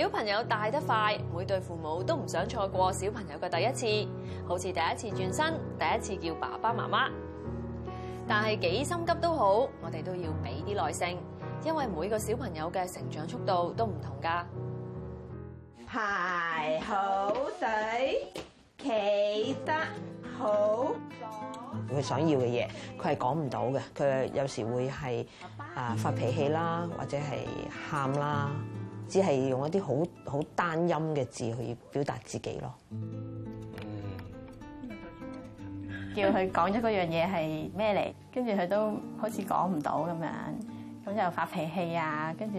小朋友大得快，每對父母都唔想錯過小朋友嘅第一次，好似第一次轉身，第一次叫爸爸媽媽。但係幾心急都好，我哋都要俾啲耐性，因為每個小朋友嘅成長速度都唔同㗎。排好隊，企得好咗。佢想要嘅嘢，佢係講唔到嘅，佢有時會係啊發脾氣啦，或者係喊啦。只係用一啲好好單音嘅字去表達自己咯，叫佢講咗嗰樣嘢係咩嚟，跟住佢都好似講唔到咁樣，咁就發脾氣啊，跟住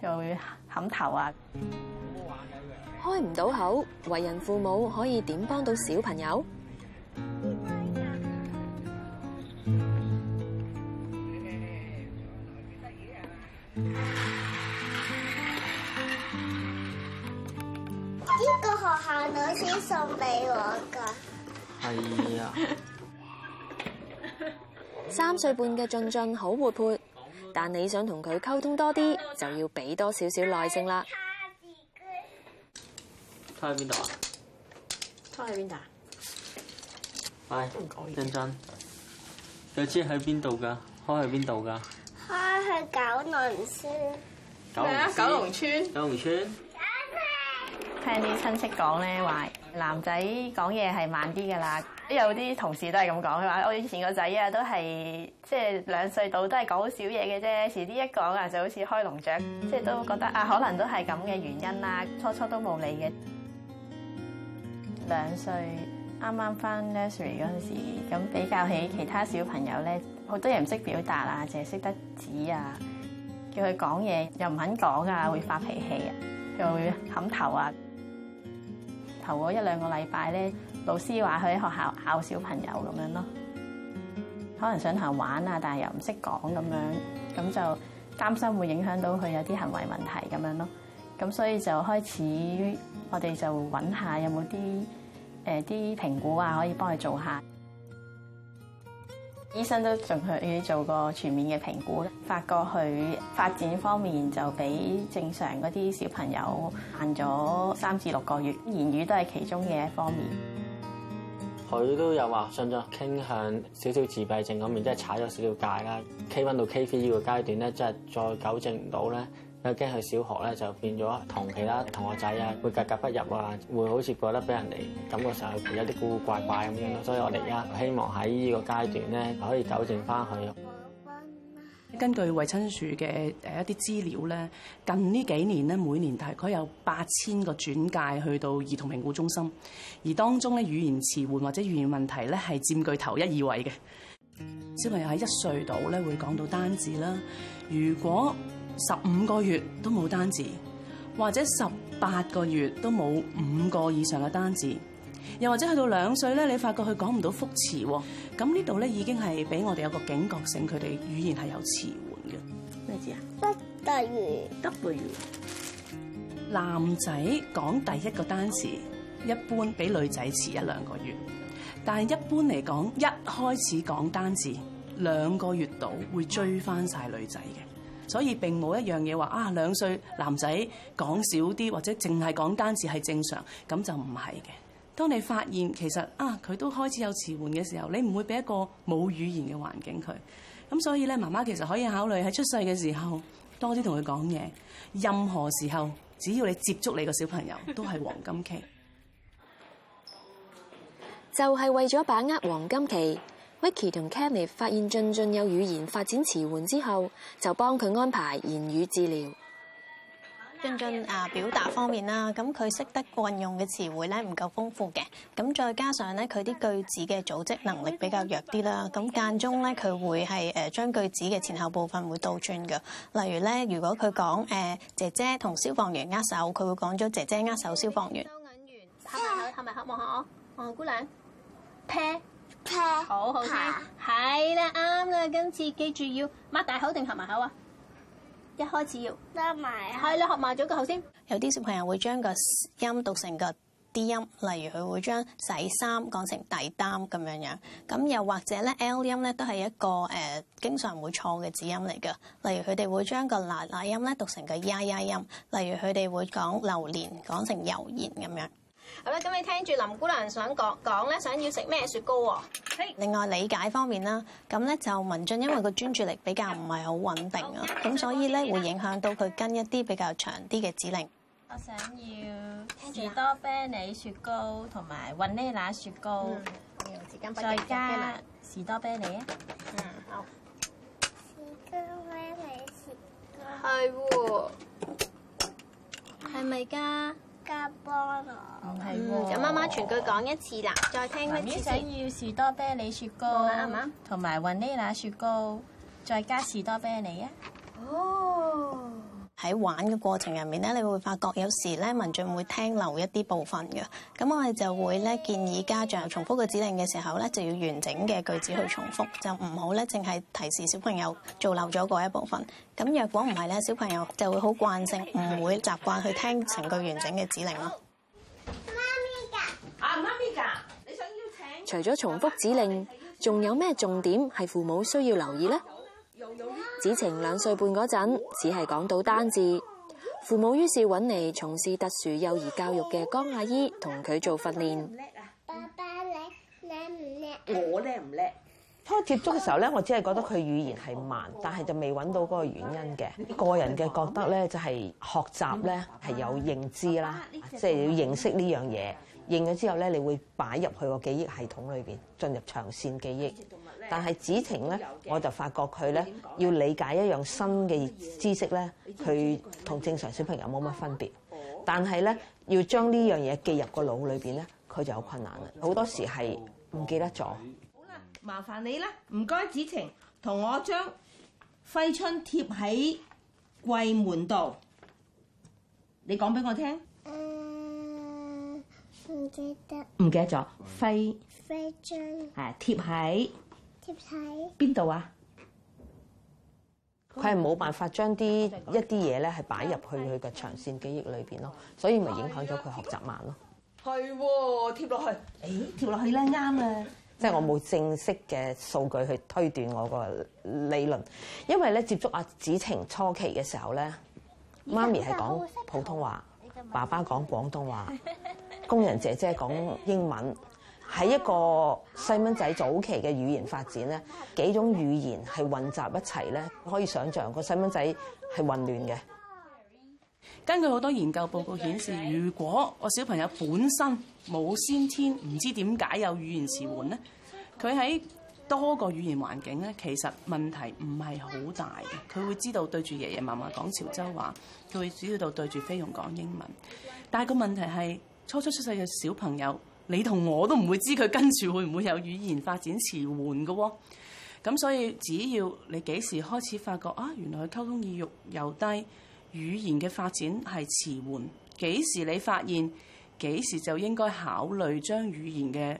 又會冚頭啊，開唔到口，為人父母可以點幫到小朋友？送俾我噶，係啊！三歲半嘅俊俊好活潑，但你想同佢溝通多啲，就要俾多少少耐性啦。啊、開去邊度啊？開去邊度？喂，俊俊。有知喺邊度噶？開去邊度噶？開去九龍村。咩啊？九龍村？九龍村？聽啲親戚講咧，話男仔講嘢係慢啲噶啦，有啲同事都係咁講。嘅話我以前個仔啊，都係即係兩歲度都係講好少嘢嘅啫，遲啲一講啊，就好似開籠雀，即係都覺得啊，可能都係咁嘅原因啦。初初都冇理嘅。兩歲啱啱翻 nursery 嗰陣時，咁 比較起其他小朋友咧，好多人唔識表達啊，淨係識得指啊，叫佢講嘢又唔肯講啊，會發脾氣啊。就會冚頭啊！頭嗰一兩個禮拜咧，老師話佢喺學校咬小朋友咁樣咯，可能想行玩啊，但係又唔識講咁樣，咁就擔心會影響到佢有啲行為問題咁樣咯。咁所以就開始，我哋就揾下有冇啲誒啲評估啊，可以幫佢做下。醫生都仲去做個全面嘅評估咧，發覺佢發展方面就比正常嗰啲小朋友慢咗三至六個月，言語都係其中嘅一方面。佢都有話，上咗傾向少少自閉症咁面，即係踩咗少少界啦。K1 到 K3 呢個階段咧，即係再糾正唔到咧。有驚去小學咧，就變咗同其他同學仔啊，會格格不入啊，會好似覺得俾人哋感覺上有啲古古怪怪咁樣。所以我哋而家希望喺呢個階段咧，可以糾正翻佢。根據衞親署嘅誒一啲資料咧，近呢幾年咧，每年大概有八千個轉介去到兒童評估中心，而當中咧，語言遲緩或者語言問題咧，係佔據頭一二位嘅。小朋友喺一歲度咧，會講到單字啦。如果十五個月都冇單字，或者十八個月都冇五個以上嘅單字，又或者去到兩歲咧，你發覺佢講唔到複詞，咁呢度咧已經係俾我哋有個警覺性，佢哋語言係有遲緩嘅咩字啊？不達月，w 男仔講第一個單字一般比女仔遲一兩個月，但係一般嚟講，一開始講單字兩個月度會追翻晒女仔嘅。所以並冇一樣嘢話啊，兩歲的男仔講少啲或者淨係講單字係正常，咁就唔係嘅。當你發現其實啊，佢都開始有詞彙嘅時候，你唔會俾一個冇語言嘅環境佢。咁所以咧，媽媽其實可以考慮喺出世嘅時候多啲同佢講嘢。任何時候只要你接觸你個小朋友，都係黃金期， 就係為咗把握黃金期。Vicky 同 Kenny 發現俊俊有語言發展遲緩之後，就幫佢安排言語治療。俊俊啊，表達方面啦，咁佢識得運用嘅詞彙咧，唔夠豐富嘅，咁再加上咧佢啲句子嘅組織能力比較弱啲啦，咁間中咧佢會係誒將句子嘅前後部分會倒轉嘅。例如咧，如果佢講誒姐姐同消防員握手，佢會講咗姐姐握手消防員。收銀員，考下考，係咪考？望下我，哦，姑娘，啤。好好聽，係啦、啊，啱啦，今次記住要擘大口定合埋口啊！一開始要合埋，係啦，合埋咗個口先。有啲小朋友會將個音讀成個 d 音，例如佢會將洗衫講成底擔咁樣樣。咁又或者咧 l 音咧都係一個誒、呃、經常會錯嘅字音嚟噶，例如佢哋會將個拉拉音咧讀成個呀呀音，例如佢哋會講榴蓮講成油鹽咁樣。係啦，咁你聽住林姑娘想講講咧，想要食咩雪糕喎？另外理解方面啦，咁咧就文俊因為個專注力比較唔係好穩定啊，咁所以咧會影響到佢跟一啲比較長啲嘅指令。我想要士多啤梨雪糕同埋雲呢拿雪糕，再加士多啤梨啊！嗯，好。士多啤梨雪糕？係喎，係咪㗎？加菠蘿，唔係咁，媽媽、啊嗯、全句講一次啦，再聽一次。媽媽想要士多啤梨雪糕，啱啱、嗯？同埋雲呢拿雪糕，再加士多啤梨啊！哦喺玩嘅過程入面咧，你會發覺有時咧，文俊會聽漏一啲部分嘅，咁我哋就會咧建議家長重複個指令嘅時候咧，就要完整嘅句子去重複，就唔好咧，淨係提示小朋友做漏咗嗰一部分。咁若果唔係咧，小朋友就會好慣性唔會習慣去聽成個完整嘅指令咯、啊。媽咪噶，啊媽咪噶，你想邀請？除咗重複指令，仲有咩重點係父母需要留意咧？子晴兩歲半嗰陣，只係講到單字，父母於是搵嚟從事特殊幼兒教育嘅江阿姨同佢做訓練。叻啊！爸爸叻，叻唔叻？我叻唔叻？初接觸嘅時候咧，我只係覺得佢語言係慢，但係就未搵到嗰個原因嘅。個人嘅覺得咧，就係學習咧係有認知啦，即係要認識呢樣嘢，認咗之後咧，你會擺入去個記憶系統裏邊，進入長線記憶。但係子晴咧，我就發覺佢咧要理解一樣新嘅知識咧，佢同正常小朋友冇乜分別。但係咧，要將呢樣嘢記入個腦裏邊咧，佢就有困難啦。好多時係唔記得咗、嗯。好、嗯、啦，麻煩你啦，唔該子晴，同我將揮春、呃、春」貼喺櫃門度。你講俾我聽。唔記得。唔記得咗？揮。揮春。係貼喺。貼喺邊度啊？佢係冇辦法將啲一啲嘢咧，係擺入去佢嘅長線記憶裏邊咯，所以咪影響咗佢學習慢咯。係貼落去，誒、哎，貼落去咧，啱啊！即係我冇正式嘅數據去推斷我個理論，因為咧，接觸阿紫晴初期嘅時候咧，媽咪係講普通話，爸爸講廣東話，工人姐姐講英文。喺一個細蚊仔早期嘅語言發展咧，幾種語言係混雜一齊咧，可以想象個細蚊仔係混亂嘅。根據好多研究報告顯示，如果個小朋友本身冇先天唔知點解有語言遲緩咧，佢喺多個語言環境咧，其實問題唔係好大嘅。佢會知道對住爺爺嫲嫲講潮州話，佢會知道對住菲傭講英文。但係個問題係初初出世嘅小朋友。你同我都唔會知佢跟住會唔會有語言發展遲緩嘅喎，咁所以只要你幾時開始發覺啊，原來佢溝通意欲又低，語言嘅發展係遲緩，幾時你發現幾時就應該考慮將語言嘅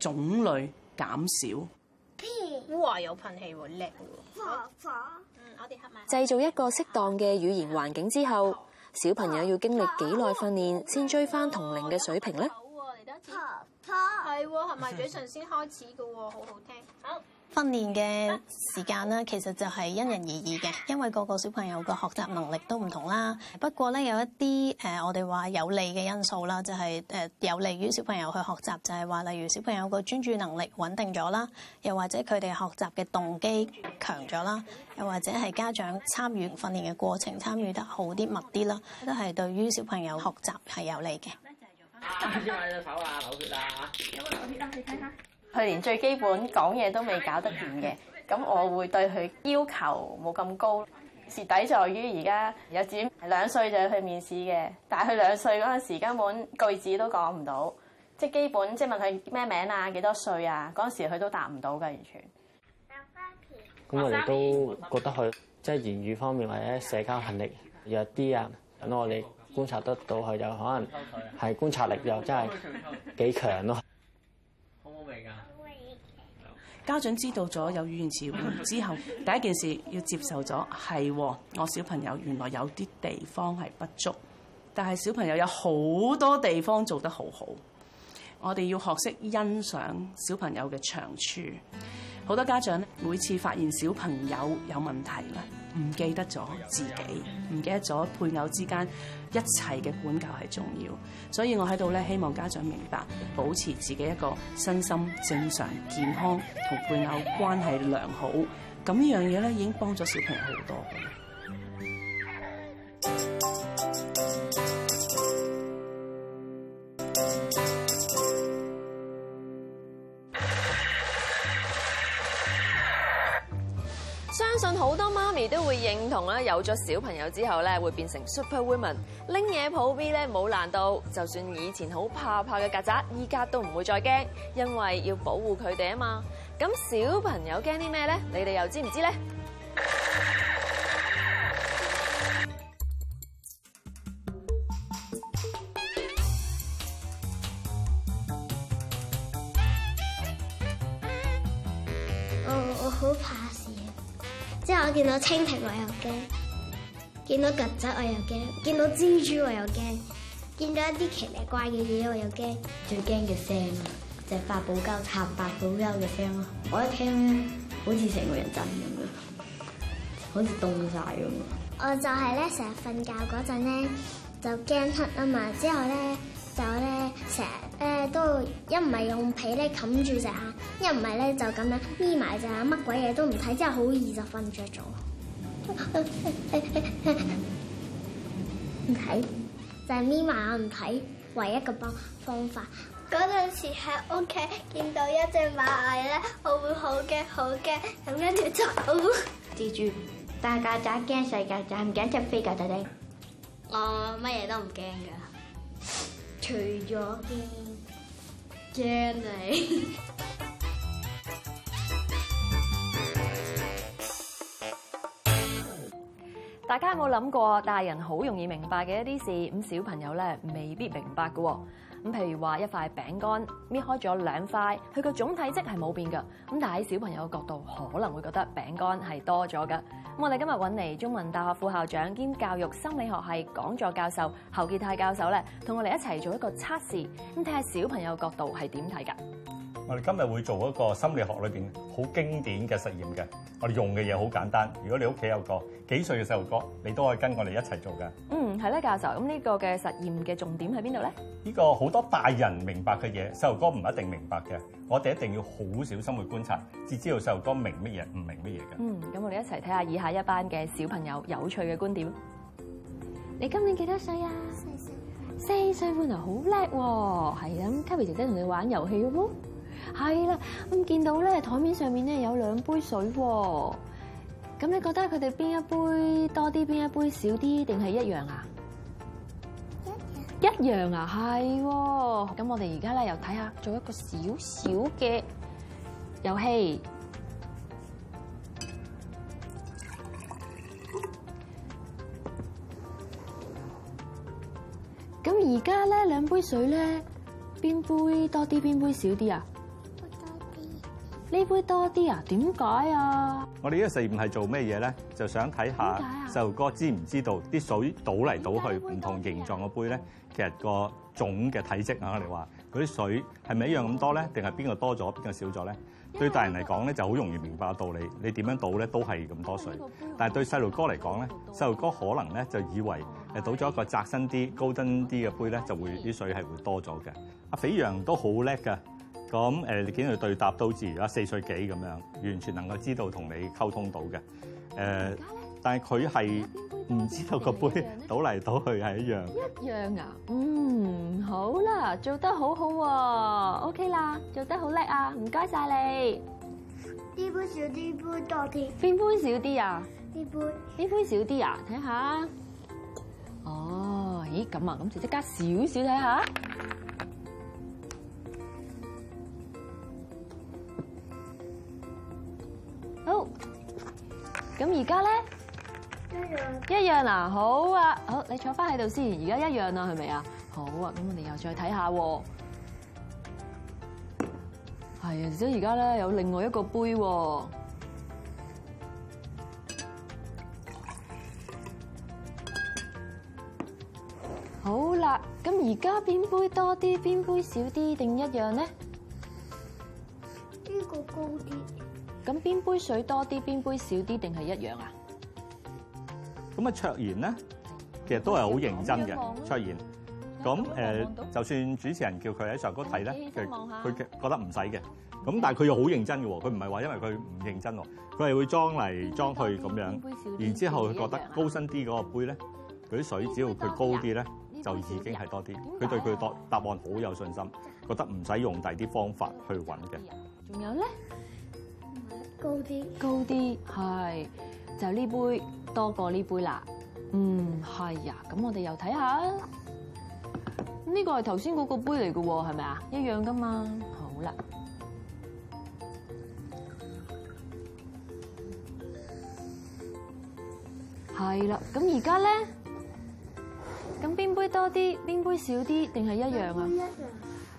種類減少哇。哇！有噴氣喎，叻喎。製、嗯、造一個適當嘅語言環境之後，小朋友要經歷幾耐訓練先追翻同齡嘅水平呢？婆係喎，係咪嘴唇先開始噶喎？好好聽。好。訓練嘅時間啦，其實就係因人而異嘅，因為個個小朋友個學習能力都唔同啦。不過咧，有一啲誒，我哋話有利嘅因素啦，就係、是、誒有利於小朋友去學習，就係、是、話例如小朋友個專注能力穩定咗啦，又或者佢哋學習嘅動機強咗啦，又或者係家長參與訓練嘅過程參與得好啲、密啲啦，都係對於小朋友的學習係有利嘅。唔知喺手炒啊，流血啊！有冇流血啊？你睇下，佢連最基本講嘢都未搞得掂嘅。咁我會對佢要求冇咁高，蝕底在於而家有只兩歲就要去面試嘅，但係佢兩歲嗰陣時根本句子都講唔到，即係基本即係問佢咩名啊，幾多歲啊，嗰時佢都答唔到嘅完全。咁我哋都覺得佢即係言語方面或者社交能力弱啲啊，等我哋。觀察得到佢有可能係觀察力又真係幾強咯。好冇味㗎。家長知道咗有語言遲緩之後，第一件事要接受咗係我小朋友原來有啲地方係不足，但係小朋友有好多地方做得好好。我哋要學識欣賞小朋友嘅長處。好多家長每次發現小朋友有問題咧。唔記得咗自己，唔記得咗配偶之間一切嘅管教係重要，所以我喺度咧希望家長明白，保持自己一個身心正常、健康同配偶關係良好，咁呢樣嘢咧已經幫咗小朋友好多。相信好多媽咪都會認同啦，有咗小朋友之後咧，會變成 super woman，拎嘢抱 B 咧冇難度，就算以前好怕怕嘅曱甴，依家都唔會再驚，因為要保護佢哋啊嘛。咁小朋友驚啲咩咧？你哋又知唔知咧？見到蜻蜓我又驚，見到曱甴我又驚，見到蜘蛛我又驚，見到一啲奇奇怪怪嘅嘢我又驚。最驚嘅聲啊，就係、是發泡膠擦發泡膠嘅聲咯。我一聽咧，好似成個人震咁樣，好似凍晒咁啊，我就係咧成日瞓覺嗰陣咧，就驚黑啊嘛。之後咧就咧成日咧都一唔係用被咧冚住隻眼。一唔係咧就咁樣眯埋就，乜鬼嘢都唔睇，真係好易就瞓着咗。唔睇就係眯埋，我唔睇，唯一嘅方方法。嗰陣時喺屋企見到一隻螞蟻咧，我會好驚，好驚，咁跟住走。蜘蛛，大架就驚，細架就唔驚，只飛架就頂。我乜嘢都唔驚噶，除咗驚你。大家有冇諗過，大人好容易明白嘅一啲事，咁小朋友未必明白嘅咁譬如話一塊餅乾搣開咗兩塊，佢個總體積係冇變噶，咁但係喺小朋友嘅角度可能會覺得餅乾係多咗噶。咁我哋今日搵嚟中文大學副校長兼教育心理學系講座教授侯傑泰教授咧，同我哋一齊做一個測試，咁睇下小朋友的角度係點睇噶？我哋今日會做一個心理學裏邊好經典嘅實驗嘅，我哋用嘅嘢好簡單，如果你屋企有個幾歲嘅細路哥，你都可以跟我哋一齊做噶。嗯。係咧、嗯，教授，咁呢個嘅實驗嘅重點喺邊度咧？呢個好多大人明白嘅嘢，細路哥唔一定明白嘅。我哋一定要好小心去觀察，至知道細路哥明乜嘢，唔明乜嘢嘅。嗯，咁我哋一齊睇下以下一班嘅小朋友有趣嘅觀點。你今年幾多歲啊？四歲。四歲半啊，好叻喎！係啊，Kaby 姐姐同你玩遊戲咯。係啦，咁見到咧，台面上面咧有兩杯水喎，啊。咁你覺得佢哋邊一杯多啲，邊一杯少啲，定係一樣啊？一樣，一樣啊，係。咁我哋而家咧又睇下做一個小小嘅遊戲。咁而家咧兩杯水咧，邊杯多啲，邊杯少啲啊？呢杯多啲啊？點解啊？我哋呢個實驗係做咩嘢咧？就想睇下細路哥知唔知道啲水倒嚟倒去唔同形狀嘅杯咧，其實個總嘅體積啊，我哋話嗰啲水係咪一樣咁多咧？定係邊個多咗，邊個少咗咧？對大人嚟講咧，就好容易明白道理。你點樣倒咧，都係咁多水。但係對細路哥嚟講咧，細路哥可能咧就以為誒倒咗一個窄身啲、對高身啲嘅杯咧，就會啲水係會多咗嘅。阿斐陽都好叻㗎。咁誒，你見佢對答都自然，而家四歲幾咁樣，完全能夠知道同你溝通到嘅。呃、但係佢係唔知道個杯倒嚟倒去係一樣。一樣啊，嗯，好啦，做得好、啊、好喎，OK 啦，做得好叻啊，唔該曬你。啲杯少啲杯多啲。邊杯少啲啊？啲杯。邊杯少啲啊？睇下。哦，咦，咁啊，咁直接加少少睇下。好，咁而家咧，一樣一樣嗱，好啊，好，你坐翻喺度先，而家一樣啦，係咪啊？好啊，咁我哋又再睇下，係啊，即係而家咧有另外一個杯，好啦，咁而家邊杯多啲，邊杯少啲，定一樣咧？呢個高啲。咁邊杯水多啲，邊杯少啲，定係一樣啊？咁啊，卓然咧，其實都係好認真嘅。卓然咁誒，就算主持人叫佢喺上高睇咧，佢嘅覺得唔使嘅。咁但係佢又好認真嘅喎，佢唔係話因為佢唔認真喎，佢係會裝嚟裝去咁樣，然之後佢覺得高身啲嗰個杯咧，佢啲水只要佢高啲咧，就已經係多啲。佢對佢答答案好有信心，覺得唔使用第啲方法去揾嘅。仲有咧？高啲，高啲，係就呢杯多過呢杯啦。嗯，係啊，咁我哋又睇下，呢個係頭先嗰個杯嚟嘅，係咪啊？一樣噶嘛。好啦，係啦，嗯。咁而家咧，咁邊杯多啲，邊杯少啲，定係一樣啊？一樣。咁，嗯嗯嗯，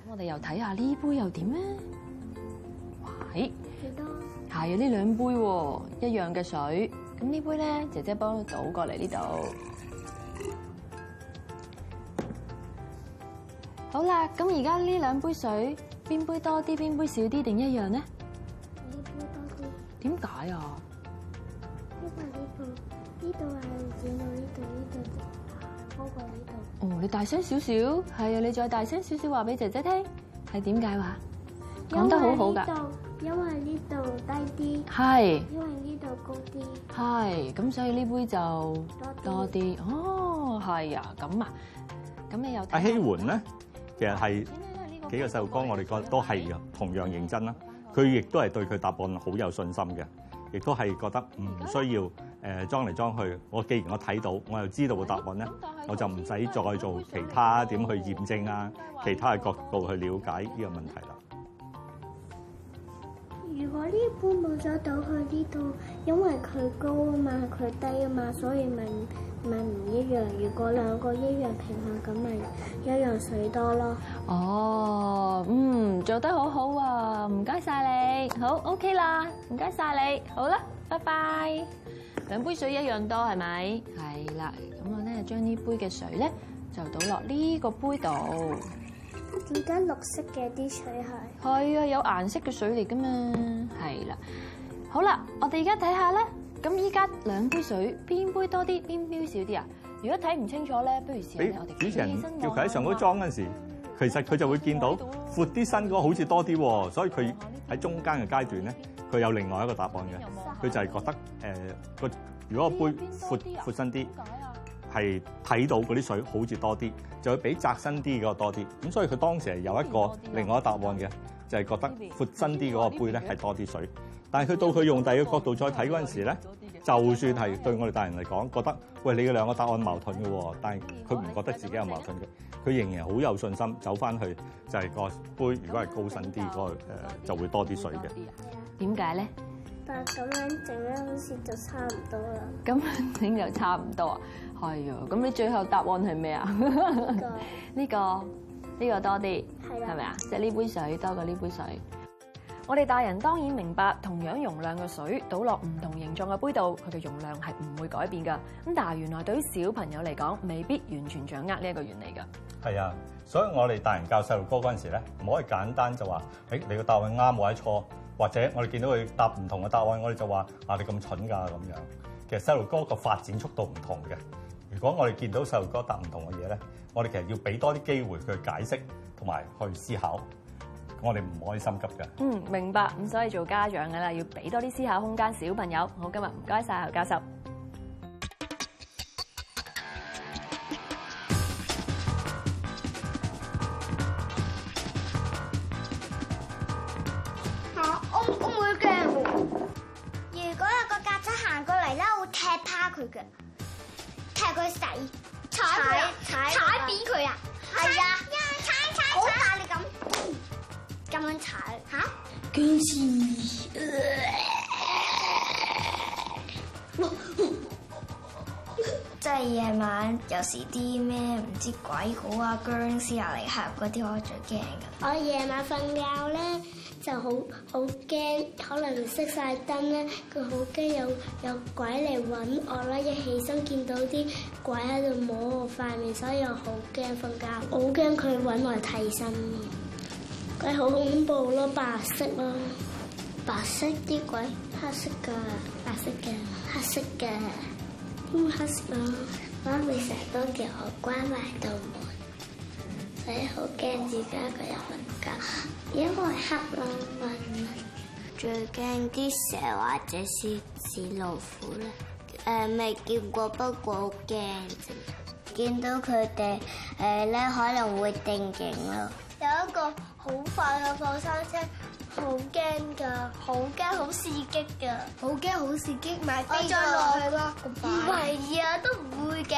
我哋又睇下呢杯又點咧？喂，哎。係啊，呢兩杯喎，一樣嘅水。咁呢杯咧，姐姐幫我倒過嚟呢度。好啦，咁而家呢兩杯水，邊杯多啲，邊杯少啲，定一樣咧？呢杯多啲。點解啊？呢、呢個呢度，呢度係剪到呢度，呢度多過呢度。哦，你大聲少少。係啊，你再大聲少少話俾姐姐聽。係點解話？講因為 得好好噶。這個因為呢度低啲，係是，因為呢度高啲，係，咁所以呢杯就多啲，多啲哦，係啊，咁啊，咁你又阿希煥咧，其實係幾個細路哥，我哋覺得都係同樣認真啦、啊，佢亦都係對佢答案好有信心嘅，亦都係覺得唔需要誒裝嚟裝去，我、呃、既然我睇到，我又知道個答案咧，我就唔使再做其他點去驗證啊，該其他嘅角度去了解呢個問題啦。如果呢杯冇咗倒去呢度，因為佢高啊嘛，佢低啊嘛，所以咪咪唔一樣。如果兩個一樣平啊，咁咪一樣水多咯。哦，嗯，做得好好啊，唔該晒你，好 OK 啦，唔該晒你，好啦，拜拜。兩杯水一樣多係咪？係啦，咁我咧將呢杯嘅水咧就倒落呢個杯度。點解綠色嘅啲水係？係啊，有顏色嘅水嚟噶嘛？係啦，好啦，我哋而家睇下啦。咁依家兩杯水，邊杯多啲，邊杯少啲啊？如果睇唔清楚咧，不如試下，我哋主持人叫佢喺上高裝嗰時候，嗯、其實佢就會見到闊啲身嗰，好似多啲，所以佢喺中間嘅階段咧，佢有另外一個答案嘅，佢就係覺得誒個、呃、如果個杯闊闊身啲。係睇到嗰啲水好似多啲，就會比窄身啲嗰個多啲。咁所以佢當時係有一個另外一答案嘅，就係覺得闊身啲嗰個杯咧係多啲水。但係佢到佢用第二個角度再睇嗰陣時咧，就算係對我哋大人嚟講，覺得喂你嘅兩個答案矛盾嘅，但係佢唔覺得自己有矛盾嘅，佢仍然好有信心走翻去就係個杯，如果係高身啲嗰個誒就會多啲水嘅。點解咧？咁樣整咧，好似就差唔多啦。咁整就差唔多啊？係啊。咁你最後答案係咩啊？呢、這個呢、 這個這個多啲，係咪啊？即係呢杯水多過呢杯水。杯水我哋大人當然明白，同樣容量嘅水倒落唔同形狀嘅杯度，佢嘅容量係唔會改變噶。咁但係原來對於小朋友嚟講，未必完全掌握呢一個原理噶。係啊，所以我哋大人教細路哥嗰陣時咧，唔可以簡單就話，誒，你嘅答案啱或者錯。或者我哋見到佢答唔同嘅答案，我哋就話：啊，你咁蠢㗎、啊、咁樣。其實細路哥個發展速度唔同嘅。如果我哋見到細路哥答唔同嘅嘢咧，我哋其實要俾多啲機會佢解釋同埋去思考。我哋唔可以心急嘅。嗯，明白。咁所以做家長嘅啦，要俾多啲思考空間小朋友。好，今日唔該晒侯教授。有時啲咩唔知鬼好啊、僵屍啊、嚟嚇嗰啲，我最驚㗎。我夜晚瞓覺咧就好好驚，可能熄晒燈咧，佢好驚有有鬼嚟揾我啦！一起身見到啲鬼喺度摸我塊面，所以我好驚瞓覺。好驚佢揾我替身，佢好恐怖咯，白色咯，白色啲鬼，黑色嘅，白色嘅，黑色嘅，唔黑色嘅。啊。媽咪成日都叫我關埋道門，所以好驚自家一個人瞓覺，因為黑暗。最驚啲蛇或者獅子老虎啦，誒，未見過，不過好驚，見到佢哋誒咧可能會定型咯。有一個好快嘅過山車。好驚㗎，好驚，好刺激㗎，好驚，好刺激買飛再落去啦，唔係呀，都唔會嘅。